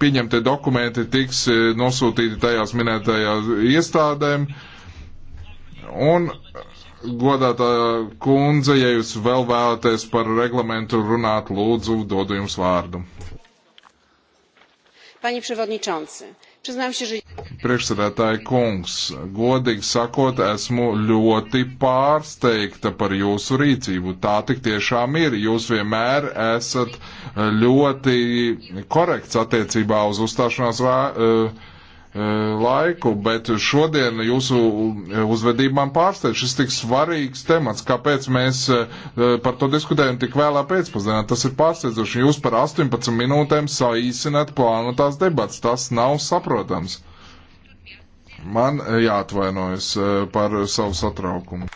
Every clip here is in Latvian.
pieņemtie dokumenti tiks e, nosūtīti tajās minētajās iestādēm. Un godātā kundze, ja jūs vēl vēlaties par reglamentu runāt, lūdzu, dodu jums vārdu. Panie przewodniczący, przyznam się, że. Priekšsēdētāji kungs, godīgi sakot, esmu ļoti pārsteigta par jūsu rīcību. Tā tik tiešām ir. Jūs vienmēr esat eh, ļoti korekts attiecībā uz uzstāšanās vē, eh, eh, laiku, bet šodien jūsu uzvedību man pārsteidz šis tik svarīgs temats. Kāpēc mēs par to diskutējam tik vēlā pēcpusdienā? Tas ir pārsteidzoši. Jūs par 18 minūtēm saīsināt plānotās debats. Tas nav saprotams. Man eh, jāatvainojas eh, par savu satraukumu.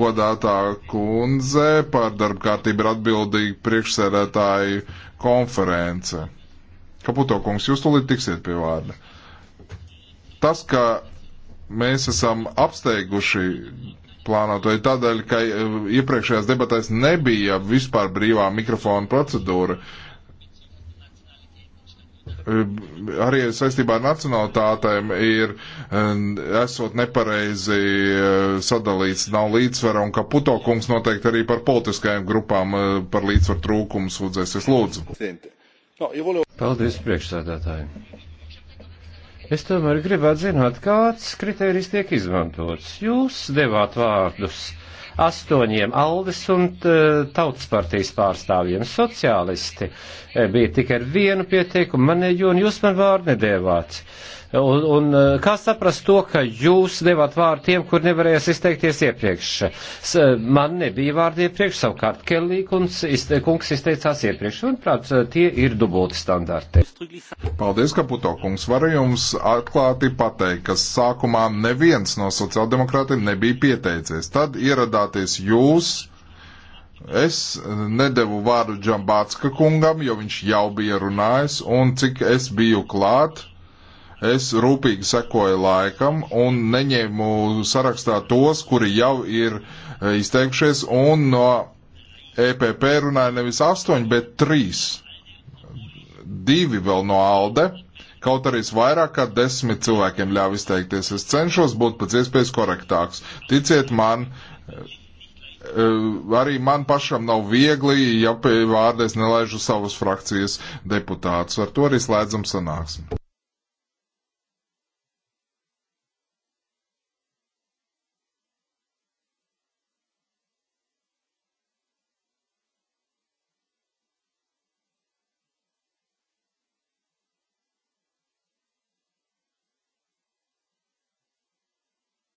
Godātā kundze par darbkārtību ir atbildīga priekšsēdētāju konference. Kaputo kungs, jūs tulīt tiksiet pie vārda. Tas, ka mēs esam apsteiguši plānotoju tādēļ, ka eh, iepriekšējās debatēs nebija vispār brīvā mikrofona procedūra. Uh, Ehm, arī saistībā ar nacionalitātēm ir ehm, esot nepareizi ehm, sadalīts, nav līdzsvara, un ka Putokungs noteikti arī par politiskajām grupām par līdzsvaru trūkumu sūdzēsies lūdzu. Paldies priekšsēdētāji. Es tomēr gribētu zināt, kāds kriterijs tiek izmantots. Jūs devāt vārdus astoņiem Aldes un Tautas partijas pārstāvjiem. Sociālisti e, bija tikai ar vienu pieteikumu manējo, e, un jūs man vārdu nedēvāt. Uh, Un, un eh, kā saprast to, ka jūs devat vārdu tiem, kur nevarējās izteikties iepriekš? Eh, man nebija vārdi iepriekš, savukārt Kellī kungs, izte, kungs izteicās iepriekš. Manuprāt, eh, tie ir dubulti standarti. Paldies, Kaputo kungs. Varu jums atklāti pateikt, ka sākumā neviens no sociāldemokrātiem nebija pieteicies. Tad ieradāties jūs Es nedevu vārdu Džambātska kungam, jo viņš jau bija runājis, un cik es biju klāt, Es rūpīgi sekoju laikam un neņēmu sarakstā tos, kuri jau ir e, izteikušies, un no EPP runāja nevis astoņi, bet trīs. Divi vēl no ALDE, kaut arī es vairāk kā desmit cilvēkiem ļāvu izteikties. Es cenšos būt pēc iespējas korektāks. Ticiet man, e, arī man pašam nav viegli, ja pie vārdēs nelaižu savus frakcijas deputātus. Ar to arī slēdzam sanāksmi.